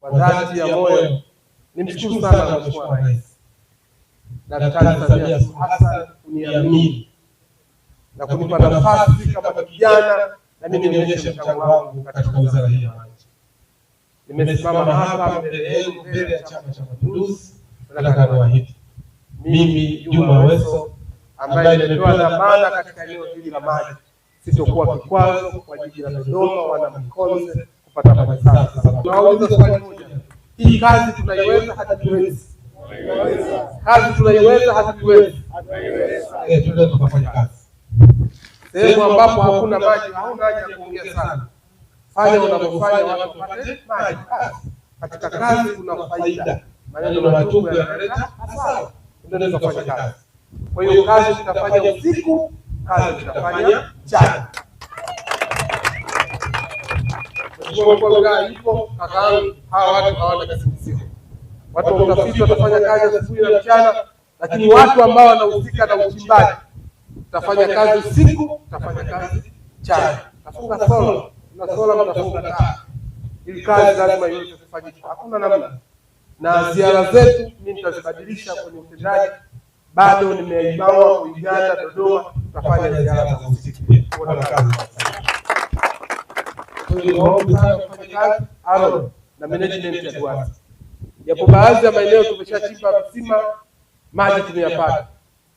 kwa dhati ya moyo nimshukuru sana Mheshimiwa Rais Daktari Samia Suluhu Hassan kuniamini na kunipa nafasi kama kijana na mimi nionyeshe mchango wangu katika wizara hii ya maji. Nimesimama hapa mbele yenu, mbele ya Chama cha Mapinduzi, nataka niwaahidi mimi Juma Aweso ambaye nimepewa dhamana katika eneo hili la maji, sitokuwa kikwazo kwa jiji la Dodoma wana Mkonze kupata mali sana. Tunawauliza swali moja, hii kazi tunaiweza? Hatuiwezi? kazi tunaiweza? Hatuiwezi? Eh, tunaweza tukafanya kazi sehemu ambapo hakuna maji. Hauna haja ya kuongea sana, fanya unavyofanya watu wapate maji. Katika kazi kuna faida, yaani maneno na matumbo yanaleta hasara. Tunaweza kufanya kazi. Kwa hiyo kazi tutafanya usiku, kazi tutafanya mchana. Kaa watu wa utafiti watafanya kazi asubuhi na mchana, lakini watu ambao wanahusika na uchimbaji utafanya kazi usiku, utafanya kazi mchana, tafunga sola na sola, mtafunga taa. Ili kazi lazima yote kufanyika, hakuna namna. Na ziara zetu mimi nitazibadilisha kwenye utendaji, bado nimeibawa kuiganda Dodoma, tutafanya ziara za usiku wafanyakazi ardhi na management ya duara. Japo baadhi ya maeneo tumeshachimba visima, maji tumeyapata,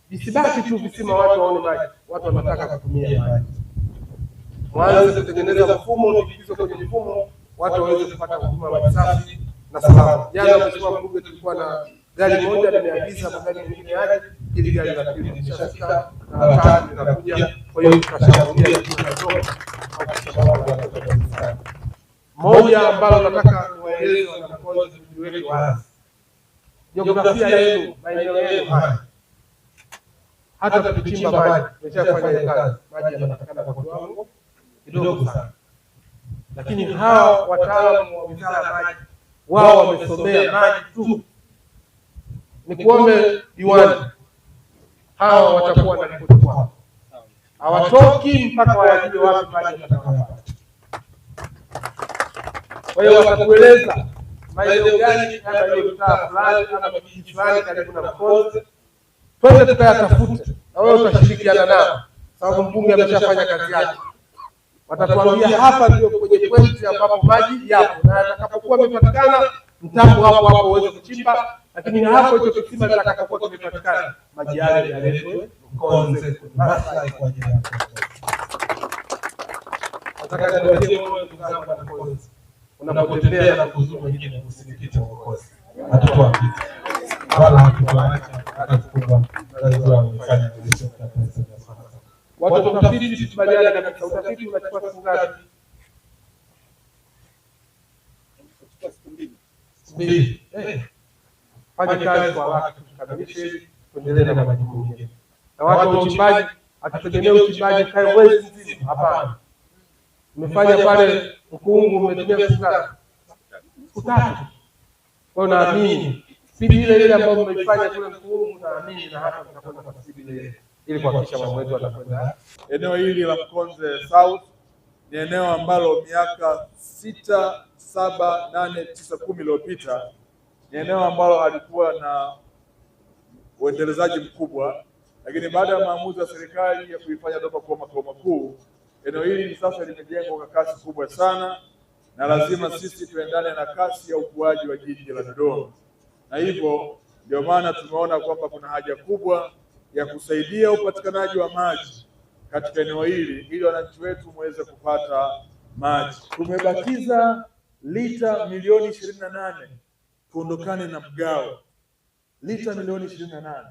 visibaki tu visima, watu waone maji, watu wanataka kutumia maji. Mwanze kutengeneza mfumo, tukizo kwenye mfumo, watu waweze kupata huduma maji safi na salama. Jana mheshimiwa mbunge, tulikuwa na gari moja limeagiza magari mengine yaje, ili gari la pili lishafika na tatu linakuja. Kwa hiyo tutashambulia moja ambalo nataka niwaeleze wanafunzi, tujiweke wazi jiografia yenu, maeneo yenu haya. Hata tukichimba maji, tumeshafanya kazi, maji yanapatikana kwa kiwango kidogo sana, lakini hawa wataalamu wa wizara ya maji wao wamesomea maji tu. Ni kuombe diwani, hawa watakuwa na ripoti kwao, hawatoki mpaka wayajue wapi maji yatakayopatikana. Kwa hiyo watatueleza maeneo gani kama hiyo mtaa fulani ama kijiji fulani karibu na Mkonze, twende tukayatafute, na wewe utashirikiana nao, sababu mbunge ameshafanya kazi yake. Watatuambia hapa ndio kwenye pointi ambapo maji yapo, na atakapokuwa amepatikana mtambo hapo hapo uweze kuchimba, lakini hapo hicho kisima kitakapokuwa kimepatikana maji yale yaletwe Mkonze. Nataka niwatie moyo ndugu zangu Wanakonze unapotembea na kuzuru wengine, usinikite mwokozi. Hatukuambia wala hatukuacha hata tukubwa tunajua umefanya kilichokuwa watoto mtafiti, tukubaliana kabisa. Utafiti unachukua siku ngapi? Eh. Eh. Fanya kazi kwa wakati, tukamilishe, tuendelee na majukumu mengine. Na watu wa uchimbaji, hatutegemea uchimbaji kae mwezi mzima, hapana. Umefanya pale ukungu umetumia siku ngapi? Siku tatu. Kwa hiyo naamini spidi ile ile ambayo mmeifanya kule Mkungu, naamini na hapa tunakwenda kwa spidi ile ili kuhakikisha mambo yetu yanakwenda. Eneo hili la Mkonze South ni eneo ambalo miaka sita, saba, nane, tisa, kumi iliyopita ni eneo ambalo halikuwa na uendelezaji mkubwa, lakini baada ya maamuzi ya serikali ya kuifanya Dodoma kuwa makao makuu Eneo hili sasa limejengwa kwa kasi kubwa sana, na lazima sisi tuendane na kasi ya ukuaji wa jiji la Dodoma, na hivyo ndio maana tumeona kwamba kuna haja kubwa ya kusaidia upatikanaji wa maji katika eneo hili ili wananchi wetu muweze kupata maji. Tumebakiza lita milioni ishirini na nane tuondokane na mgao, lita milioni ishirini na nane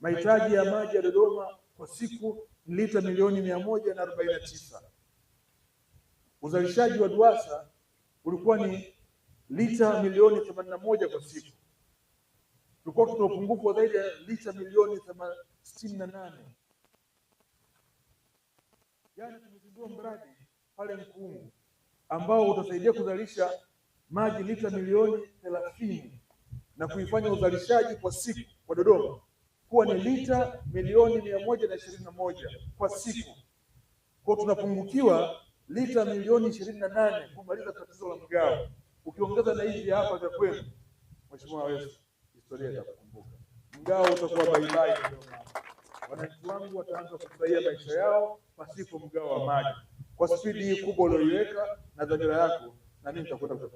mahitaji ya maji ya Dodoma kwa siku lita milioni mia moja na arobaini na tisa. Uzalishaji wa duasa ulikuwa ni lita milioni themanini na moja kwa siku. Tulikuwa tuna upungufu wa zaidi ya lita milioni sitini na nane. Yani tumezindua mradi pale Mkungu ambao utasaidia kuzalisha maji lita milioni thelathini na kuifanya uzalishaji kwa siku kwa Dodoma kuwa ni lita milioni mia moja na ishirini na moja kwa siku, kwa tunapungukiwa lita milioni ishirini na nane kumaliza tatizo la mgao. Ukiongeza na hivi hapa vya kwenu, Mheshimiwa Yesu, historia itakukumbuka. Mgao utakuwa baibai, wananchi wangu wataanza kufurahia maisha yao pasipo mgao wa maji. Kwa spidi hii kubwa ulioiweka na dhamira yako, na mimi nitakwenda